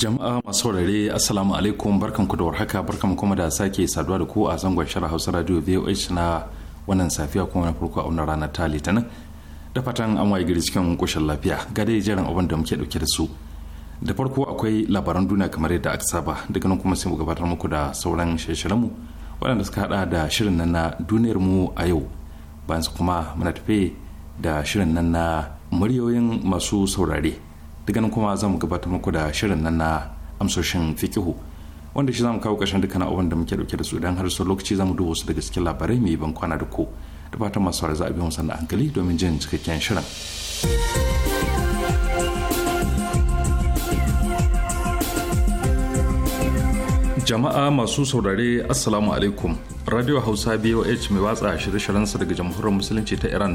jama'a masu saurare assalamu alaikum barkan ku da warhaka barkan kuma da sake saduwa da ku a zangon shara hausa radio voh na wannan safiya kuma na farko a wannan rana ta litinin da fatan an waye gari cikin kushin lafiya ga dai jiran abin da muke dauke da su da farko akwai labaran duniya kamar yadda aka saba daga nan kuma sai mu gabatar muku da sauran shirye-shiryenmu waɗanda suka hada da shirin nan na duniyar mu a yau bayan kuma muna tafe da shirin nan na muryoyin masu saurare daga nan kuma zamu gabatar muku da shirin nan na amsoshin fikihu wanda shi zamu kawo ƙarshen dukkan abin da muke dauke da su dan har sau lokaci zamu duba su daga cikin labarai mai ban kwana da ku da fatan masu za a bi mu sannan hankali domin jin cikakken shirin. jama'a masu saurare assalamu alaikum radio hausa boh mai watsa shirye-shiryensa daga jamhuriyar musulunci ta iran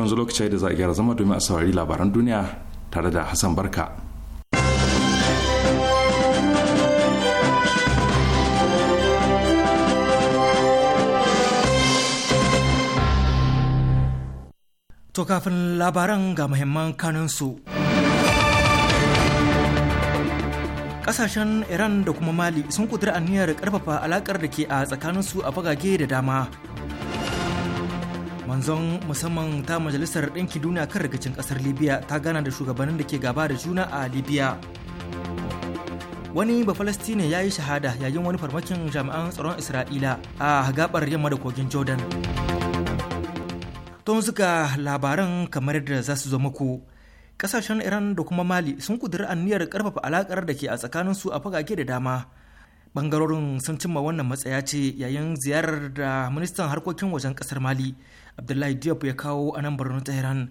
yanzu lokaci da za a gyara zama domin a saurari labaran duniya tare da Hassan Barka. To kafin labaran ga muhimman kaninsu. Kasashen Iran da kuma Mali sun kudura aniyar ƙarfafa alakar da ke a tsakaninsu a bagage da dama wanzan musamman ta majalisar ɗinki duniya kan rikicin ƙasar libya ta gana da shugabannin da ke gaba da juna a libya wani bafalastine ya yi shahada yayin wani farmakin jami'an tsaron isra'ila a gabar yamma da kogin jordan don suka labaran kamar da za su zo muku kasashen iran da kuma mali sun kudiri aniyar karfafa alakar da ke a tsakanin su a fagage da dama bangarorin sun cimma wannan matsaya ce yayin ziyarar da ministan harkokin wajen kasar mali abdullahi diop ya kawo a nan birnin tehran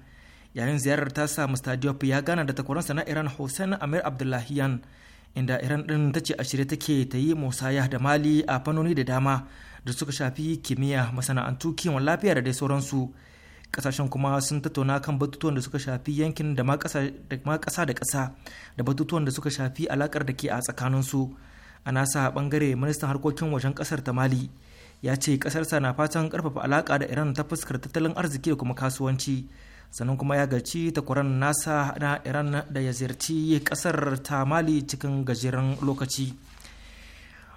yayin ziyarar tasa mr diop ya gana da takwaransa na iran hussein amir abdullahiyan inda iran din ta ce a shirye take ta yi musaya da mali a fannoni da dama da suka shafi kimiyya masana'antu kiwon lafiya da dai sauransu kasashen kuma sun tattauna kan batutuwan da suka shafi yankin da ma kasa da kasa da batutuwan da suka shafi alakar da ke a tsakaninsu a nasa bangare ministan harkokin wajen kasar ta mali ya ce kasarsa na fatan karfafa alaka da iran ta fuskar tattalin arziki da kuma kasuwanci sannan kuma ya gaci takwaran nasa na iran da ya ziyarci kasar ta mali cikin gajeren lokaci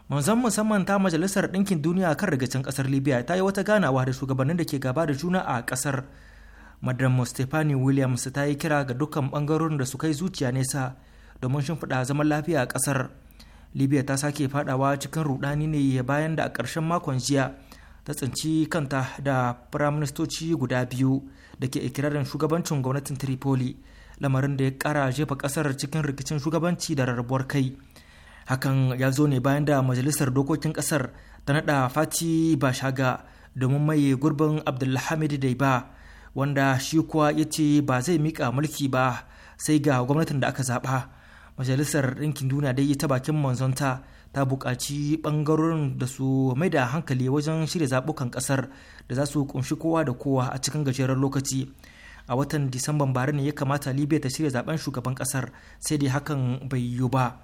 manzan musamman ta majalisar ɗinkin duniya kan rigacin kasar libya ta yi wata ganawa da shugabannin da ke gaba da juna a ƙasar madam stephanie williams ta yi kira ga dukkan bangarorin da su kai zuciya nesa domin shimfiɗa zaman lafiya a ƙasar. libya ta sake fadawa cikin rudani ne bayan da a ƙarshen makon jiya ta tsinci kanta da firaministoci guda biyu da ke ikirarin shugabancin gwamnatin tripoli lamarin da ya kara jefa kasar cikin rikicin shugabanci da rarrabuwar kai hakan ya zo ne bayan da majalisar dokokin kasar ta nada fati bashaga domin maye gurbin abdulhamid daiba wanda shi kuwa ya ce ba zai mika mulki ba sai ga gwamnatin da aka zaba majalisar ɗinkin duniya dai ta bakin manzonta ta buƙaci ɓangarorin da su mai da hankali wajen shirya zaɓukan ƙasar da za su kunshi kowa da kowa a cikin gajeren lokaci a watan disamban bara ne ya kamata libya ta shirya zaɓen shugaban ƙasar sai dai hakan bai yiwu ba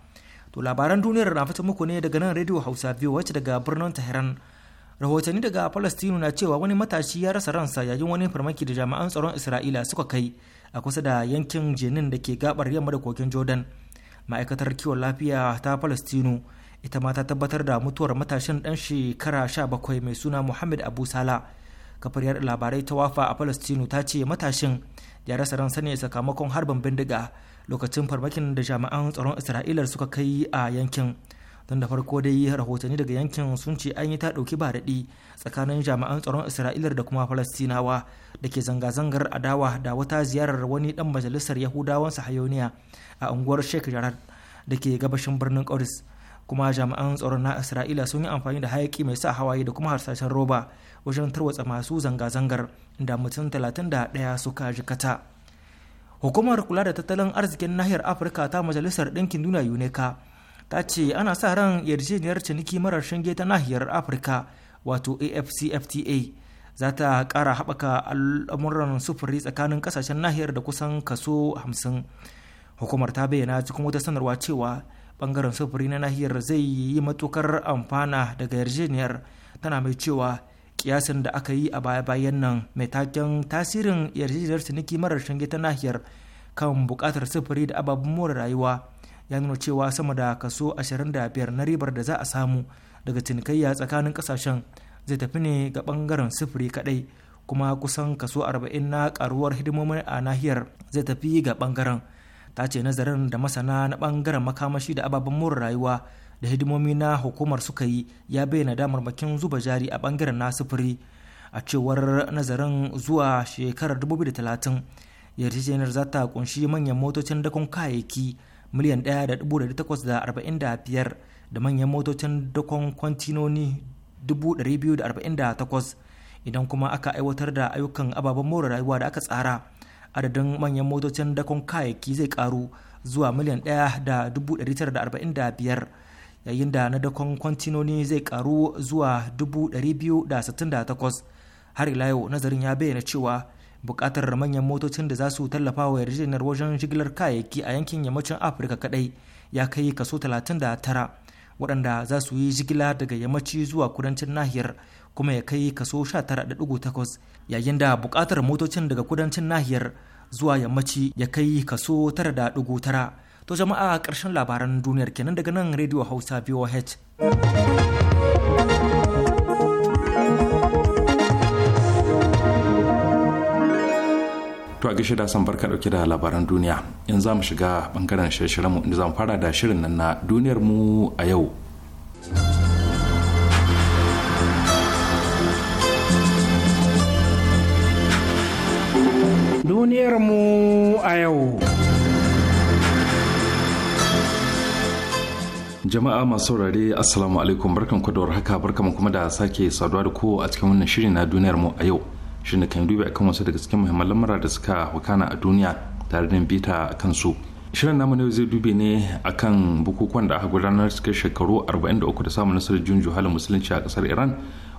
to labaran duniyar na fita muku ne daga nan rediyo hausa biyu wacce daga birnin tehran rahotanni daga palestinu na cewa wani matashi ya rasa ransa yayin wani farmaki da jami'an tsaron isra'ila suka kai a kusa da yankin jenin da ke gabar yamma da kogin jordan ma'aikatar kiwon lafiya ta palestino ita ma ta tabbatar da mutuwar matashin dan shekara sha bakwai mai suna muhammad abu sala kafar yar labarai ta wafa a palestino ta ce matashin ya rasa ransa ne sakamakon harbin bindiga lokacin farmakin da jami'an tsaron isra'ila suka kai a yankin tun da farko dai rahotanni daga yankin sun ce an yi ta ɗauki ba daɗi tsakanin jami'an tsaron isra'ila da kuma falastinawa da ke zanga-zangar adawa da wata ziyarar wani dan majalisar yahudawan sahayoniya a unguwar sheikh jarad da ke gabashin birnin qoris kuma jami'an tsaron na Isra'ila sun yi amfani da hayaki mai sa hawaye da kuma harsashen roba wajen tarwatsa masu zanga-zangar da mutum 31 suka jikata. Hukumar kula da tattalin arzikin nahiyar Afirka ta Majalisar Ɗinkin Duniya UNECA ta ce ana sa ran yarjejeniyar ciniki marar shinge ta nahiyar Afirka wato AFCFTA za ta kara haɓaka al'amuran sufuri tsakanin ƙasashen nahiyar da kusan kaso 50. hukumar ta bayyana cikin wata sanarwa cewa bangaren sufuri na nahiyar zai yi matukar amfana daga yarjejeniyar tana mai cewa kiyasin da aka yi a baya-bayan nan mai taken tasirin yarjejeniyar ciniki marar shinge ta nahiyar kan bukatar sufuri da ababen more rayuwa ya nuna cewa sama da kaso 25 na ribar da za a samu daga cinikayya tsakanin kasashen zai tafi ne ga bangaren sufuri kadai kuma kusan kaso 40 na karuwar hidimomin a nahiyar zai tafi ga bangaren ta ce nazarin da masana na bangaren makamashi da ababen more rayuwa da hidimomi na hukumar suka yi ya bayyana damar bakin zuba jari a bangaren na sufuri a cewar nazarin zuwa shekarar 2030 yarjejeniyar za ta kunshi manyan motocin dakon kayayyaki miliyan 1,845 da manyan motocin dakon kwantinoni 248 idan kuma aka aiwatar da ayyukan ababen more rayuwa da aka tsara adadin manyan motocin dakon kayayyaki zai karu zuwa miliyan 1,945 yayin da na dakon kwantinoni zai karu zuwa 268 har ila yau nazarin ya bayyana cewa bukatar manyan motocin da za su tallafa wa yarjejeniyar wajen jigilar kayayyaki a yankin yammacin afirka kadai ya kai kaso 39 waɗanda za su yi jigila daga yammaci zuwa kudancin nahiyar kuma ya kai kaso 19.8 yayin da buƙatar motocin daga kudancin nahiyar zuwa yammaci ya kai kaso 9.9 to jama'a ƙarshen labaran duniyar kenan daga nan radio hausa voh to a gashi da san barka dauke da labaran duniya in za mu shiga bangaren shirye mu inda za mu fara da shirin nan na duniyar mu a yau duniyar mu a yau jama'a masu saurare assalamu alaikum barkan ku haka barkan kuma da sake saduwa da ku a cikin wannan shirin na duniyar mu a yau shine kan dubi akan wasu daga cikin muhimman lamura da suka wakana a duniya tare da bita a su shirin namu ne zai dube ne akan bukukuwan da aka gudanar cikin shekaru 43 da samun nasarar jun juhalin musulunci a kasar iran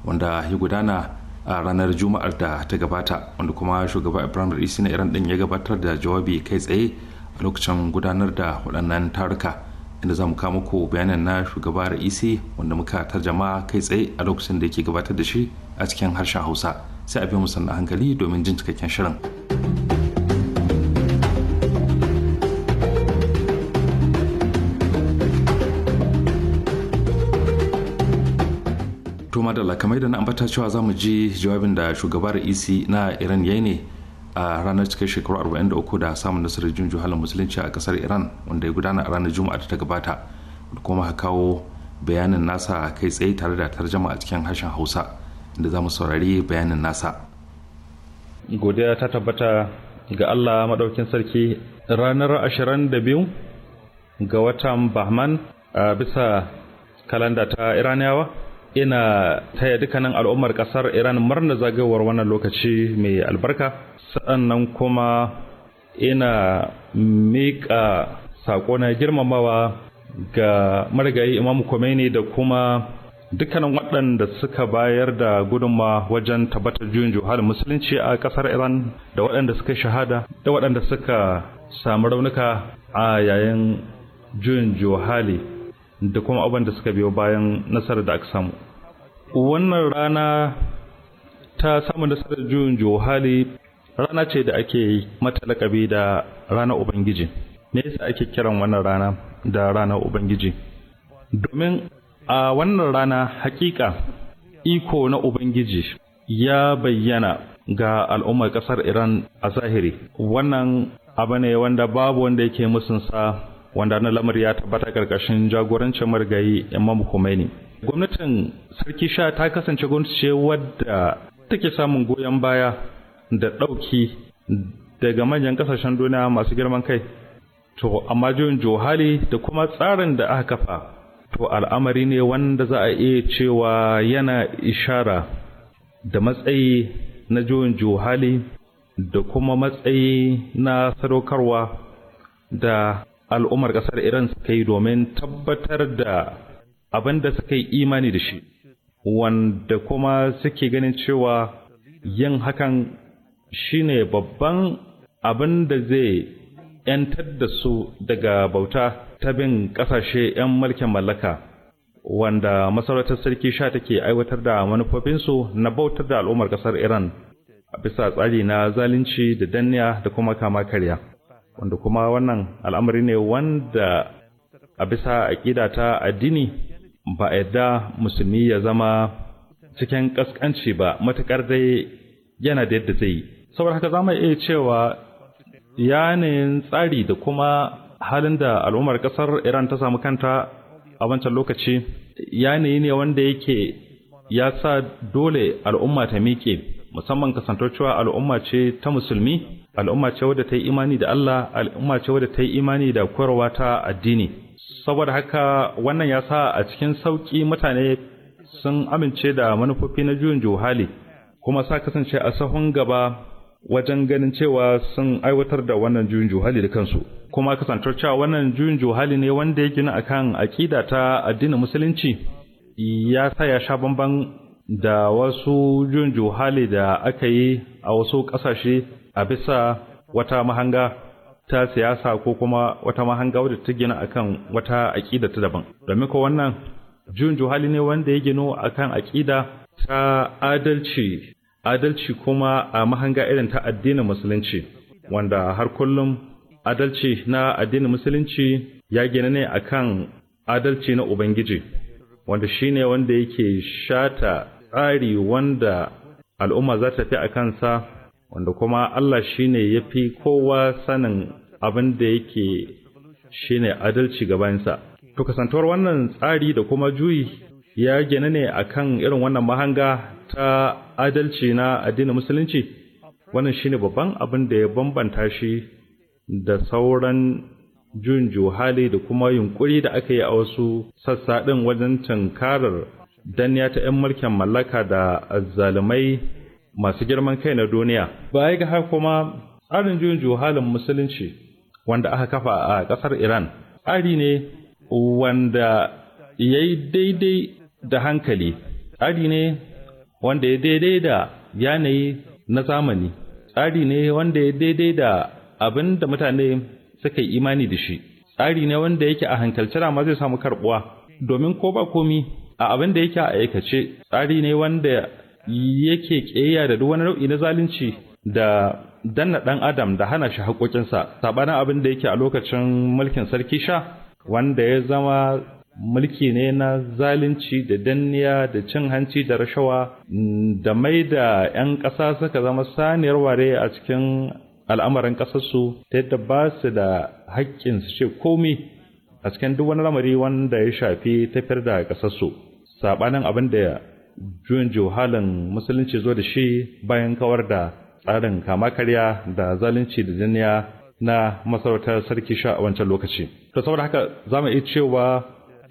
wanda ya gudana a ranar juma'ar da ta gabata wanda kuma shugaba ibrahim ra'isi na iran din ya gabatar da jawabi kai tsaye a lokacin gudanar da waɗannan taruka inda za mu kawo muku bayanan na shugaba ra'isi wanda muka tarjama kai tsaye a lokacin da yake gabatar da shi a cikin harshen hausa sai a bi musan a hankali domin jin cikakken shirin. To madalla kamar da na ambata cewa za mu ji jawabin da shugabar EC na Iran ya ne a ranar cikin shekaru 43 da samun nasarar jin halin musulunci a kasar Iran wanda ya gudana a ranar Juma'a da ta gabata kuma kuma kawo bayanin nasa kai tsaye tare da tarjama a cikin harshen Hausa. inda za mu saurari bayanin nasa godiya ta tabbata ga Allah maɗaukin sarki ranar 22 ga watan Bahman a bisa kalanda ta Iraniyawa ina taya dukkanin al'ummar ƙasar Iran murnar zagayowar wannan lokaci mai albarka sannan kuma ina miƙa saƙo na girmamawa ga marigayi Imam Khomeini da kuma dukkanin waɗanda suka bayar da gudunma wajen tabbatar juyin juhal musulunci a ƙasar iran da waɗanda suka shahada da waɗanda suka samu raunuka a yayin juyin juhali da kuma abin da suka biyo bayan nasarar da aka samu wannan rana ta samun nasarar juyin juhali rana ce da ake mata lakabi da ranar ubangiji me yasa ake kiran wannan rana da ranar ubangiji domin a wannan rana hakika iko na Ubangiji ya bayyana ga al'ummar ƙasar Iran a zahiri. Wannan abu ne wanda babu wanda yake musunsa wanda na lamar ya tabbata ƙarƙashin jagorancin margayi Imam Khomeini. Gwamnatin Sarki Sha ta kasance gwamnati wadda take samun goyon baya da ɗauki daga manyan ƙasashen duniya masu girman kai. To, amma juyin Johali da kuma tsarin da aka kafa to al'amari ne wanda za a iya cewa yana ishara da matsayi na juyin juhali da kuma matsayi na sadaukarwa da al'ummar ƙasar Iran suka yi domin tabbatar da abin da suka yi imani da shi, wanda kuma suke ganin cewa yin hakan shine babban abin da zai ‘yantar da su daga bauta ta bin ƙasashe ‘yan mulkin mallaka, wanda masarautar sarki sha take aiwatar da manufofinsu na bautar da al'ummar ƙasar Iran a bisa tsari na zalunci da danniya da kuma kama karya, wanda kuma wannan al'amari ne wanda a bisa aƙida ta addini ba a yadda musulmi ya zama cikin ƙasƙanci ba matuƙar dai yana da yadda zai yi. Saboda haka za mu iya cewa yanayin tsari da kuma halin da al'ummar ƙasar Iran ta samu kanta a wancan lokaci yanayi ne wanda yake ya sa dole al'umma ta miƙe musamman kasantar cewa al'umma ce ta musulmi al'umma ce wadda ta yi imani da Allah al'umma ce wadda ta yi imani da koyarwa ta addini saboda haka wannan ya sa a cikin sauki mutane sun amince da manufofi na juyin juhali kuma sa kasance a sahun gaba wajen ganin cewa sun aiwatar da wannan juyin juhali da kansu kuma kasantar cewa wannan juyin juhali ne wanda ya gina akan aƙida ta addinin musulunci ya sa ya sha bamban da wasu juyin juhali da aka yi a wasu ƙasashe a bisa wata mahanga ta siyasa ko kuma wata mahanga wadda ta gina akan wata aƙida ta daban domin ko wannan juyin juhali ne wanda ya gino akan aƙida ta adalci adalci kuma a mahanga irin ta addinin musulunci wanda har kullum adalci na addinin musulunci ya gina ne akan adalci na ubangiji wanda shine wanda yake shata tsari wanda al'umma za ta fi a kansa wanda kuma Allah shine ya fi kowa sanin abin da yake shine adalci gabansa to kasantuwar wannan tsari da kuma juyi ya gina ne akan irin wannan mahanga ta adalci na addinin musulunci wannan shine babban abin da ya bambanta shi da sauran jun juhali da kuma yunkuri da aka yi a wasu sassa ɗin wajen tunkarar danniya ta 'yan mulkin mallaka da azzalumai masu girman kai na duniya. Baya ga haka kuma tsarin jun juhalin musulunci wanda aka kafa a ƙasar Iran tsari ne wanda ya yi daidai da hankali, tsari ne wanda ya daidai da yanayi na zamani tsari ne wanda ya daidai da abin da mutane suka yi imani da shi tsari ne wanda yake a hankalce ma zai samu karbuwa domin ko ba komi a abin da yake a aikace tsari ne wanda yake ƙeya da duk wani nau'i na zalunci da danna ɗan adam da hana shi haƙoƙinsa saɓanin abin da yake a lokacin mulkin sarki sha wanda ya zama mulki ne na zalunci da danniya da cin hanci da rashawa da mai da 'yan ƙasa suka zama saniyar ware a cikin al'amarin ƙasarsu ta yadda ba su da haƙƙin su ce komi a cikin duk wani lamari wanda ya shafi tafiyar da ƙasarsu saɓanin abin da juyin juhalin musulunci zo da shi bayan kawar da tsarin kama karya da zalunci da danniya na masarautar sarki sha a wancan lokaci to saboda haka za mu iya cewa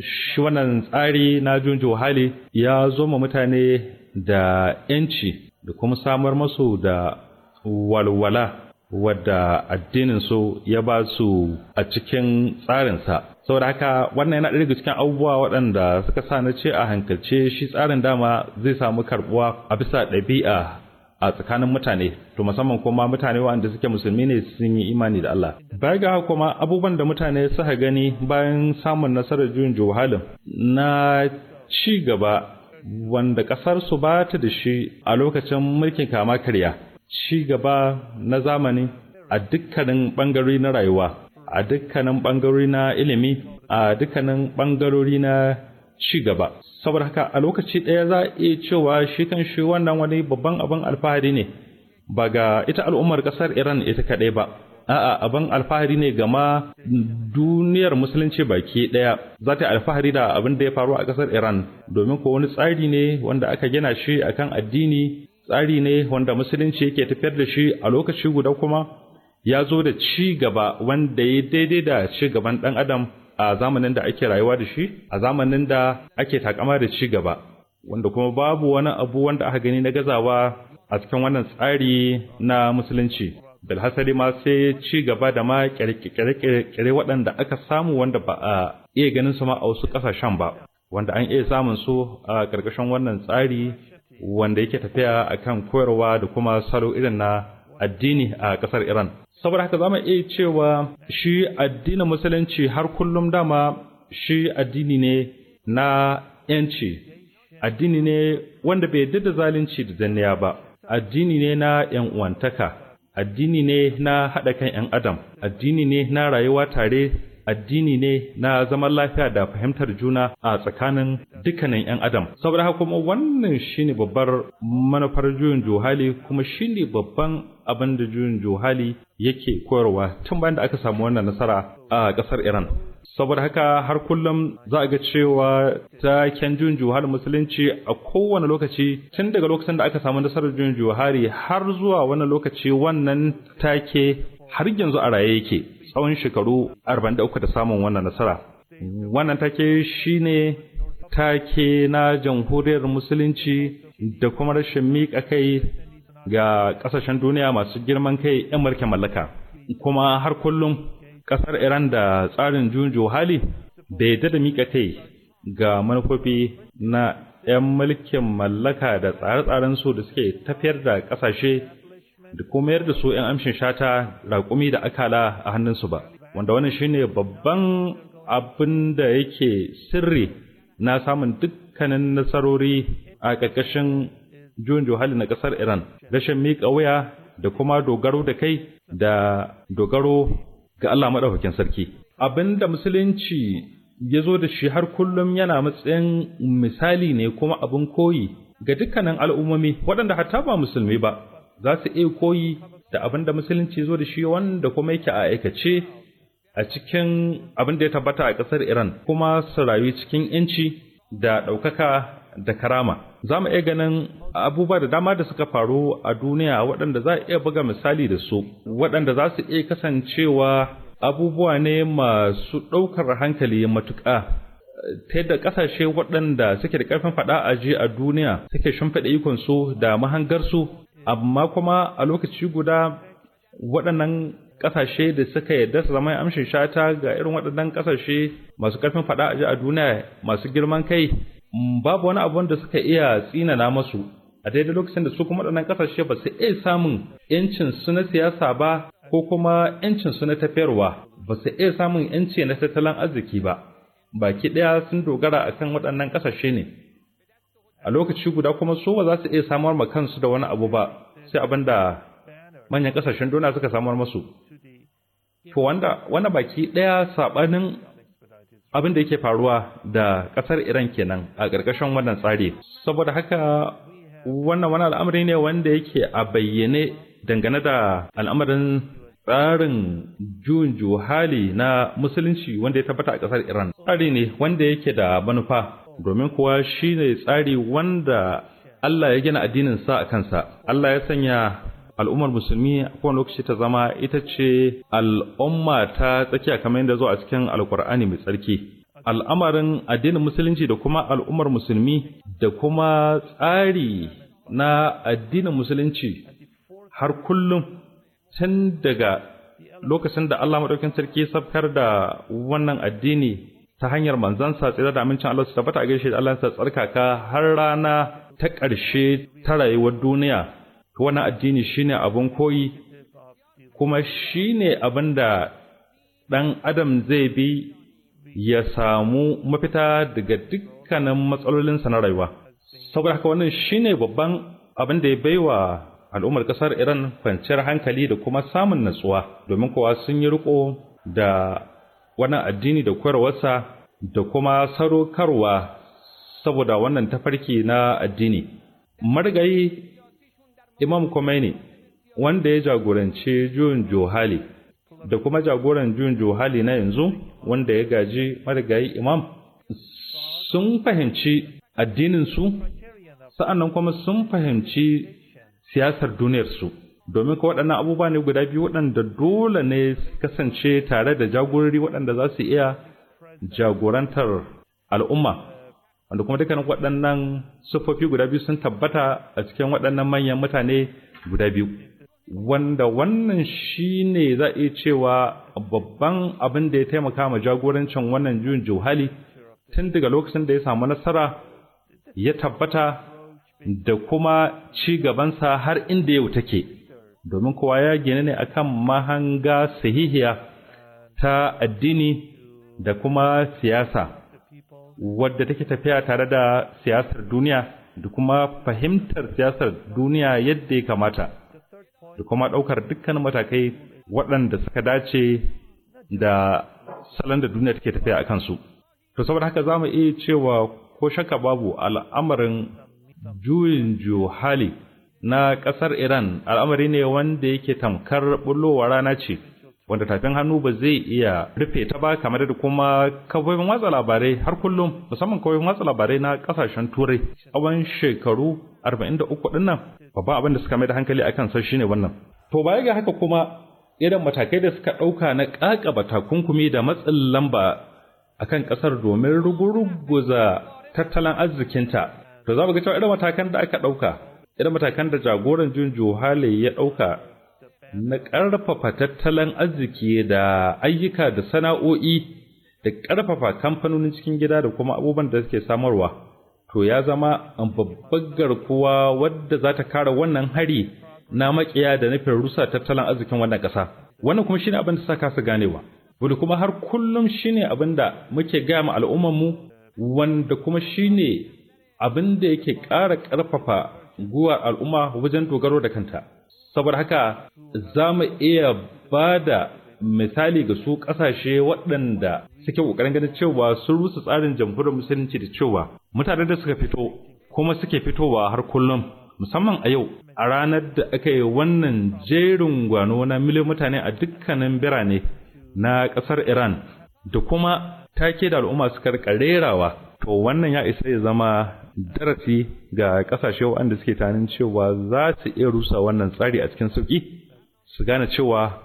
shi wannan tsari na junjo hali ya zo ma mutane da yanci da kuma samar masu da walwala wadda addinin su ya ba su a cikin tsarinsa saboda haka wannan yana daga cikin abubuwa waɗanda suka sa na ce a hankalce shi tsarin dama zai samu karɓuwa a bisa ɗabi'a a tsakanin mutane to musamman kuma mutane waɗanda suke musulmi ne sun yi imani da Allah baya ga kuma abubuwan da mutane suka gani bayan samun nasarar juyin juhalin na ci gaba wanda ƙasar su ba ta da shi a lokacin mulkin kama karya ci gaba na zamani a dukkanin ɓangarori na rayuwa a dukkanin ɓangarori na ilimi a dukkanin ɓangarori na ci gaba saboda haka a lokaci ɗaya za a iya cewa shi kan shi wannan wani babban abin alfahari ne ba ga ita al'ummar ƙasar iran ita kaɗai ba a'a abin alfahari ne gama duniyar musulunci baki ɗaya za ta alfahari da abin da ya faru a ƙasar iran domin ko wani tsari ne wanda aka gina shi akan addini tsari ne wanda musulunci yake tafiyar da shi a lokaci guda kuma ya zo da ci gaba wanda ya daidai da ci gaban ɗan adam a zamanin da ake rayuwa da shi a zamanin da ake takama da ci gaba wanda kuma babu wani abu wanda aka gani na gazawa a cikin wannan tsari na musulunci bilhassari ma sai ci gaba da ma kirkire waɗanda aka samu wanda ba a iya ganin su ma a wasu ƙasashen ba wanda an iya samun su a ƙarƙashin wannan tsari wanda yake tafiya akan koyarwa da kuma salo irin na addini a ƙasar Iran. Saboda haka za mu iya cewa shi addinin musulunci har kullum dama shi addini ne na ‘yanci, addini ne wanda bai yadda zalunci da danniya ba, addini ne na ‘yan uwantaka, addini ne na haɗa kan ‘yan adam, addini ne na rayuwa tare, addini ne na zaman lafiya da fahimtar juna a tsakanin dukkanin ‘yan adam. Saboda haka kuma wannan shine babbar manufar juyin juhali kuma shine babban abin da juyin johali yake koyarwa tun bayan da aka samu wannan nasara a ƙasar Iran. Saboda haka har kullum za a ga cewa taken juyin johali musulunci a kowane lokaci tun daga lokacin da aka samu nasarar juyin johali har zuwa wannan lokaci wannan take har yanzu a raye yake tsawon shekaru 43 da samun wannan nasara. Wannan take shine take na jamhuriyar musulunci da kuma rashin miƙa kai ga ƙasashen duniya masu girman kai 'yan mulkin mallaka kuma har kullum ƙasar iran da tsarin junjo hali bai dada mika kai ga manufofi na 'yan mulkin mallaka da tsare-tsaren su da suke tafiyar da ƙasashe, da kuma da su 'yan amshin shata raƙumi da akala a hannunsu ba wanda wannan shine babban abin da yake sirri na samun dukkanin nasarori a ƙarƙashin juyin johali na ƙasar Iran, rashin miƙa wuya da kuma dogaro da kai da dogaro ga Allah maɗaukakin sarki. Abin da Musulunci ya zo da shi har kullum yana matsayin misali ne kuma abin koyi ga dukkanin al'ummomi waɗanda hatta ba musulmi ba za su iya koyi da abin da Musulunci zo da shi wanda kuma yake a aikace a cikin abin da ya tabbata a ƙasar Iran kuma su rayu cikin ‘yanci da ɗaukaka da karama za mu iya ganin abubuwa da dama da suka faru a duniya waɗanda za a iya buga misali da su waɗanda za su iya kasancewa abubuwa ne masu ɗaukar hankali matuƙa ta yadda ƙasashe waɗanda suke da ƙarfin faɗa a ji a duniya suke shimfiɗa ikonsu da mahangarsu amma kuma a lokaci guda waɗannan ƙasashe da suka yarda su zama amshin shata ga irin waɗannan ƙasashe masu ƙarfin faɗa a ji a duniya masu girman kai Mm, babu wani abun da suka iya tsinana masu a daidai lokacin da su kuma waɗannan ƙasashe ba su iya samun yancin su na siyasa ba ko kuma yancin su na tafiyarwa ba su iya samun yanci na tattalin arziki ba baki ɗaya sun dogara akan waɗannan ƙasashe ne a lokaci guda kuma su ba za su iya samar ma kansu da wani abu ba sai abin da manyan ƙasashen duniya suka samar masu to wanda wani baki ɗaya saɓanin abin da yake faruwa da ƙasar iran kenan a ƙarƙashin wannan tsari saboda haka wannan wani al'amari ne wanda yake a bayyane dangane da al'amarin tsarin juyin juhali na musulunci wanda ya tabbata a ƙasar iran tsari ne wanda yake da manufa domin kuwa shi ne tsari wanda allah ya gina addininsa a kansa allah ya sanya al'ummar musulmi kowane lokaci ta zama ita ce al'umma ta tsakiya kamar yadda zo a cikin alkur'ani mai tsarki al'amarin addinin musulunci da kuma al'ummar musulmi da kuma tsari na addinin musulunci har kullum tun daga lokacin da Allah maɗaukin sarki sabkar da wannan addini ta hanyar manzansa tsira da amincin Allah su tabbata a gaishe da Allah sa tsarkaka har rana ta ƙarshe ta rayuwar duniya wannan addini shine abin koyi kuma shine abin da ɗan adam zai bi ya samu mafita daga dukkanin matsalolinsa na rayuwa saboda haka wannan shine babban abin da ya baiwa al'ummar ƙasar iran kwanciyar hankali da kuma samun natsuwa domin kowa sun yi riko da wannan addini da koyarwarsa da kuma sadaukarwa saboda wannan tafarki na addini marigayi Imam Khomeini wanda ya jagorance juyin Johali da kuma jagoran juyin Johali na yanzu wanda ya gaji marigayi Imam sun fahimci addininsu sa'annan kuma sun fahimci siyasar duniyarsu domin ka waɗannan abubuwa ne guda biyu waɗanda dole ne kasance tare da jagorori waɗanda za su iya jagorantar al'umma wanda kuma dukkanin waɗannan siffofi guda biyu sun tabbata a cikin waɗannan manyan mutane guda biyu wanda wannan shi ne za a iya cewa babban abin da ya taimaka ma jagorancin wannan juyin juhali tun daga lokacin da ya samu nasara ya tabbata da kuma ci gabansa har inda yau take domin kowa ya gina ne akan mahanga sahihiya ta addini da kuma siyasa wadda take tafiya tare da siyasar duniya da kuma fahimtar siyasar duniya yadda ya kamata da kuma ɗaukar dukkan matakai waɗanda suka dace da salon da duniya take tafiya a kansu. To saboda haka za mu iya cewa ko shakka babu al'amarin juyin juhali na ƙasar Iran al'amari ne wanda yake tamkar bullowa rana ce wanda tafin hannu ba zai iya rufe ta ba kamar da kuma kafofin watsa labarai har kullum musamman kafofin watsa labarai na kasashen turai tsawon shekaru 43 din nan babban abin da suka mai da hankali akan sa shine wannan to baya ga haka kuma irin matakai da suka ɗauka na ƙaƙaba takunkumi da matsin lamba akan ƙasar domin ruguruguza tattalin arzikinta to za mu ga cewa irin matakan da aka ɗauka irin matakan da jagoran jun juhale ya ɗauka na ƙarfafa tattalin arziki da ayyuka da sana'o'i da ƙarfafa kamfanonin cikin gida da kuma abubuwan da suke samarwa to ya zama babbar garkuwa wadda za ta kare wannan hari na makiya da nufin rusa tattalin arzikin wannan ƙasa wannan kuma shine abin da saka su ganewa wanda kuma har kullum shine abin da muke gaya ma al'ummar mu wanda kuma shine abin da yake ƙara ƙarfafa guwar al'umma wajen dogaro da kanta saboda haka za mu iya ba da misali ga su ƙasashe waɗanda suke ƙoƙarin ganin cewa sun rusa tsarin jamhuriyar musulunci da cewa mutanen da suka fito kuma suke fitowa har kullum musamman a yau a ranar da aka yi wannan jerin gwano na miliyan mutane a dukkanin birane na ƙasar iran da kuma take da al'umma suka rerawa to wannan ya isa ya zama darasi ga kasashe waɗanda suke tanin cewa za su iya rusa wannan tsari a cikin sauƙi, su gane cewa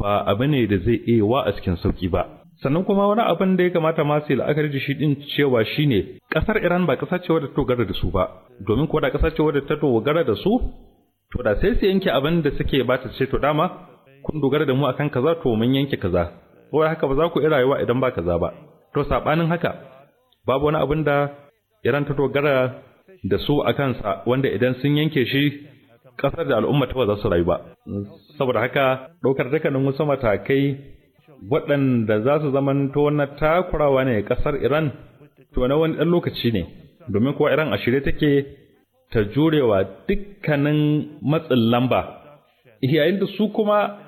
ba abu ne da zai iya wa a cikin sauƙi ba sannan kuma wani abin da ya kamata ma su la'akari da shi din cewa shine ƙasar Iran ba kasa ce wadda ta dogara da su ba domin kuwa da kasa ce wadda ta dogara da su to da sai su yanke abin da suke ba ta ce to dama kun dogara da mu akan kaza to mun yanke kaza ko haka ba za ku iya rayuwa idan ba kaza ba to sabanin haka babu wani abin da Iran ta dogara da su a kansa wanda idan sun yanke shi ƙasar da al'umma ta za su rayu ba. Saboda haka ɗaukar dukkanin wasu matakai waɗanda za su zamanto na takurawa ne ƙasar Iran to na wani ɗan lokaci ne domin kuwa Iran a shirye take ta jurewa dukkanin matsin lamba yayin da su kuma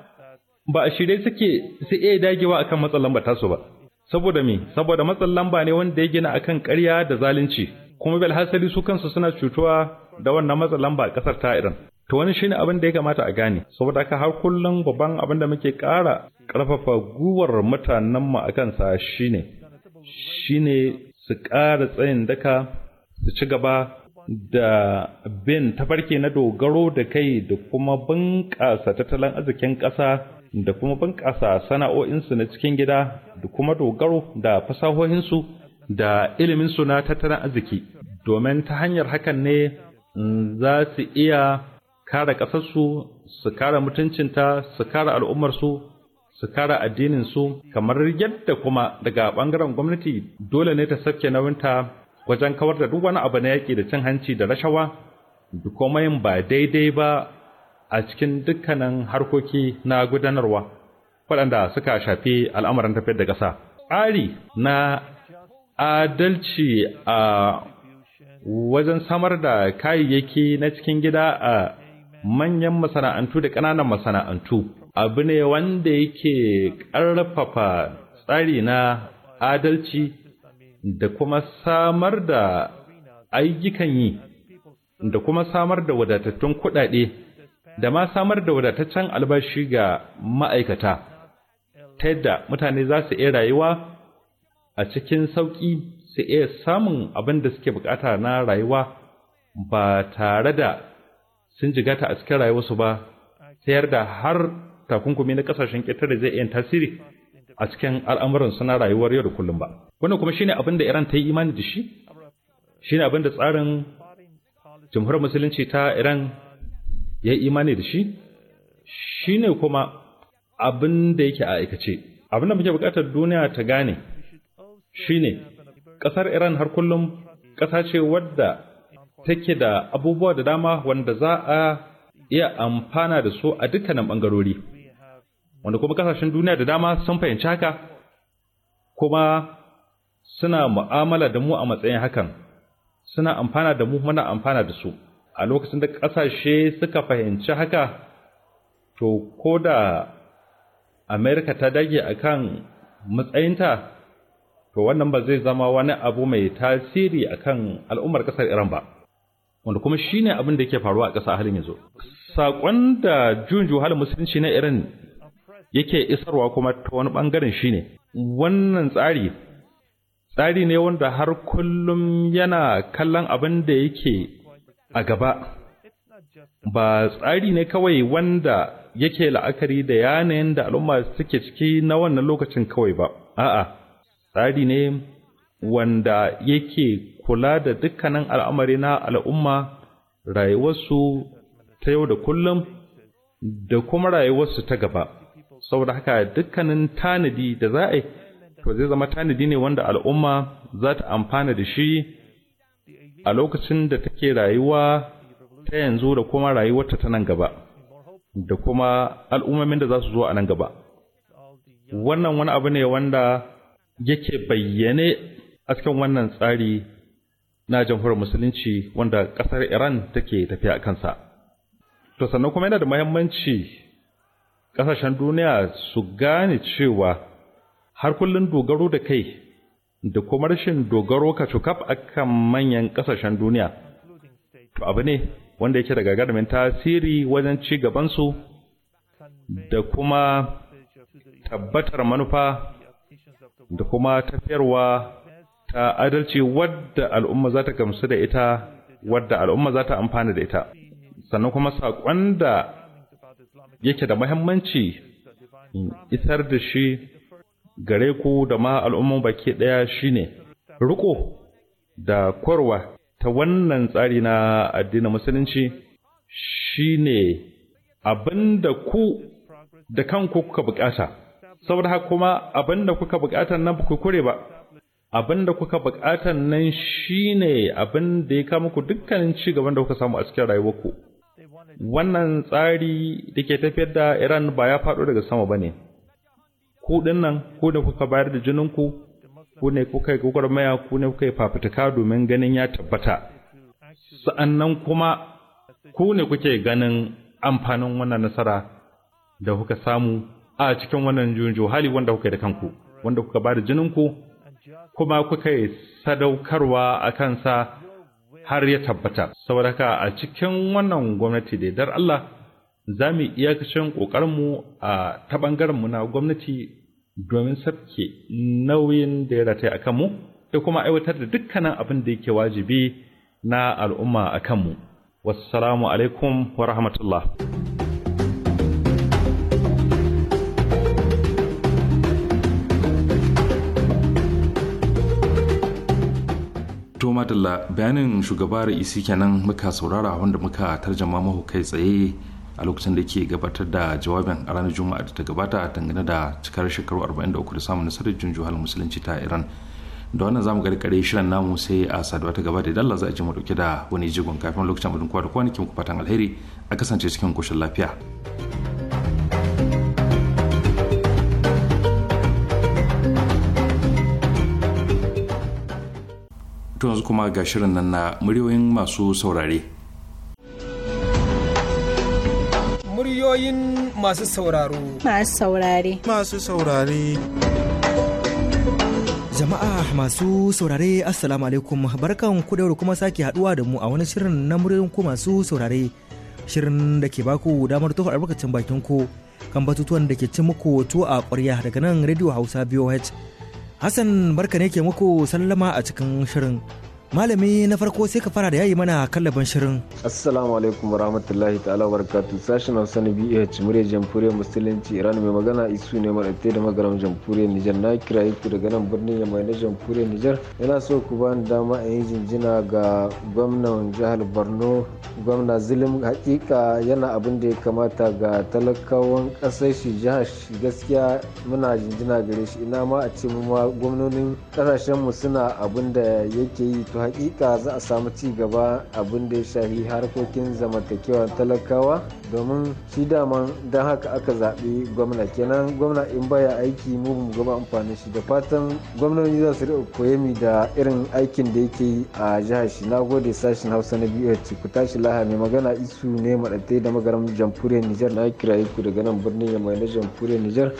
ba a shirye suke sai iya dagewa akan matsin lamba tasu ba. saboda me saboda matsan lamba ne wanda ya gina akan ƙarya da zalunci kuma bil hasali su kansu suna cutuwa da wannan matsin lamba a ƙasar ta Iran to wani shine abin da ya kamata a gane saboda haka har kullum babban abin da muke ƙara ƙarfafa guwar mutanen mu akan sa shine shine su ƙara tsayin daka su ci gaba da bin tafarki na dogaro da kai da kuma bunƙasa tattalin arzikin ƙasa da kuma bunƙasa sana'o'insu na cikin gida da kuma dogaro da fasahohinsu da iliminsu na tattalin arziki domin ta hanyar hakan ne mm, za su iya kare ƙasarsu su kare mutuncinta su kare al'ummarsu su kare addininsu kamar yadda kuma daga ɓangaren gwamnati dole ne ta sauke nauyinta wajen kawar da duk wani abu na yaƙi da cin hanci da rashawa da kuma yin ba daidai ba a cikin dukkanin harkoki na gudanarwa waɗanda suka shafi al'amuran tafiyar da ƙasa. Ƙari na adalci a wajen samar da kayayyaki na cikin gida a manyan masana'antu da ƙananan masana'antu abu ne wanda yake ƙarfafa tsari na adalci da kuma samar da ayyukan yi da kuma samar da wadatattun kuɗaɗe da ma samar da wadataccen albashi ga ma'aikata ta yadda mutane za su iya rayuwa a cikin sauƙi su iya samun abin da suke bukata na rayuwa ba tare da sun jigata a cikin rayuwarsu ba sayar da har takunkumi na ƙasashen ƙetare zai iya tasiri a cikin al'amuran suna rayuwar yau da kullum ba wannan kuma shine abin da Iran ta yi imani da shi shine abin da tsarin jamhuriyar musulunci ta Iran ya yi imani da shi shi ne kuma abin da yake a aikace abin da muke bukatar duniya ta gane shi ne ƙasar iran har kullum ƙasa ce wadda take da abubuwa da dama wanda za a iya amfana da su a dukkanin ɓangarori wanda kuma ƙasashen duniya da dama sun fahimci haka kuma suna mu'amala da mu a matsayin hakan suna amfana da mu muna amfana da su a lokacin da ƙasashe suka fahimci haka to ko da amerika ta dage a kan matsayinta to wannan ba zai zama wani abu mai tasiri a kan al'ummar ƙasar iran ba wanda kuma shi ne abin da yake faruwa a ƙasa halin yanzu saƙon da junju halin musulunci na iran yake isarwa kuma ta wani ɓangaren shi ne. wannan tsari tsari ne wanda har kullum yana kallon abin da yake a gaba ba tsari ne kawai wanda yake la'akari da yanayin da al'umma suke ciki na wannan lokacin kawai ba a'a tsari ne wanda yake kula da dukkanin al'amari na al'umma rayuwarsu ta yau da kullum da kuma rayuwarsu ta gaba saboda haka dukkanin tanadi da za to zai zama tanadi ne wanda al'umma za ta amfana da shi a lokacin da take rayuwa ta yanzu da kuma rayuwarta ta nan gaba da kuma al'ummomin da za su zo a nan gaba wannan wani abu ne wanda yake bayyane a cikin wannan tsari na jamhuriyar musulunci wanda ƙasar iran take tafiya a kansa to sannan kuma yana da mahimmanci ƙasashen duniya su gane cewa har kullum dogaro da kai da kuma rashin dogaro ka cukaf kan manyan ƙasashen duniya to abu ne wanda yake da gagarumin tasiri wajen ci gabansu da kuma tabbatar manufa da kuma tafiyarwa ta adalci wadda al'umma za ta gamsu da ita wadda al'umma za ta amfana da ita sannan kuma saƙon da yake da muhimmanci isar da shi gare ku da ma al'umman baki ɗaya shine riko da kwarwa ta wannan tsari na addinin musulunci shine abin da ku da kanku kuka bukata saboda haka kuma abin da kuka bukata nan ku ba abin da kuka bukata nan shine abin da ya kama ku dukkanin ci gaban da kuka samu a cikin rayuwarku wannan tsari da ke tafiyar da Iran ba ya faɗo daga sama ba ne. ku nan ko da kuka bayar da jininku ku ne kuka yi gwagwarmaya ku ne kuka yi fafutuka domin ganin ya tabbata sa'annan kuma ku ne kuke ganin amfanin wannan nasara da kuka samu a cikin wannan junjo hali wanda kuka yi da kanku wanda kuka ba da jininku kuma kuka yi sadaukarwa a kansa har ya tabbata saboda haka a cikin wannan gwamnati da dar Allah za mu iyakacin ƙoƙarinmu a ta ɓangarenmu na gwamnati domin sabke nauyin da ya rataya a kanmu da kuma aiwatar da dukkanin abin da yake wajibi na al'umma a kanmu. Wassalamu alaikum wa rahmatullah. Tomatilla bayanin shugaba isi kenan muka saurara wanda muka tarjama mahu kai tsaye a lokacin da ke gabatar da jawabin a ranar juma'a da ta gabata a dangane da cikar shekaru 43 da samun nasarar junjuhal musulunci ta iran da wannan zamu ga kare shirin namu sai a saduwa ta gabata da idan za a ji mu dauke da wani jigon kafin lokacin abin kwa da kwanakin ke fatan alheri a kasance cikin koshin lafiya to kuma ga shirin nan na muryoyin masu saurare Muryoyin masu sauraro. Masu saurare. Masu saurare. Jama'a masu saurare Assalamu alaikum barkan ku da kuma sake haduwa da mu a wani shirin na muryoyin ku masu saurare. Shirin da ke baku damar tofa albarkacin bakin ku kan batutuwan da ke cin muku tu a ƙwarya daga nan Radio Hausa BOH. Hassan barka ne ke muku sallama a cikin shirin. malami na farko sai ka fara da yayi mana kallaban shirin assalamu alaikum warahmatullahi ta'ala barakatu sashen hausa na bih muryar jamhuriyar musulunci iran mai magana isu ne maɗaɗe da magaram jamhuriyar nijar na kira ku daga nan birnin yamai na jamhuriyar nijar yana so ku ba ni dama a yi jinjina ga gwamnan jihar borno gwamna zilim hakika yana abin da ya kamata ga talakawan kasar shi jihar shi gaskiya muna jinjina gare shi ina ma a ce mu ma gwamnonin ƙasashenmu suna abin da yake yi hakika za a samu ci gaba abin da ya shahi harkokin zamantakewa talakawa domin shi daman don haka aka zaɓi gwamna kenan gwamna in baya aiki mu mu gaba amfani shi da fatan gwamnoni za su riƙa koyami da irin aikin da yake yi a jihar shi na gode sashen hausa na biyu ku tashi laha mai magana isu ne maɗatai da magaram jamhuriyar nijar na kiraye ku daga nan birnin yamai na jamhuriyar nijar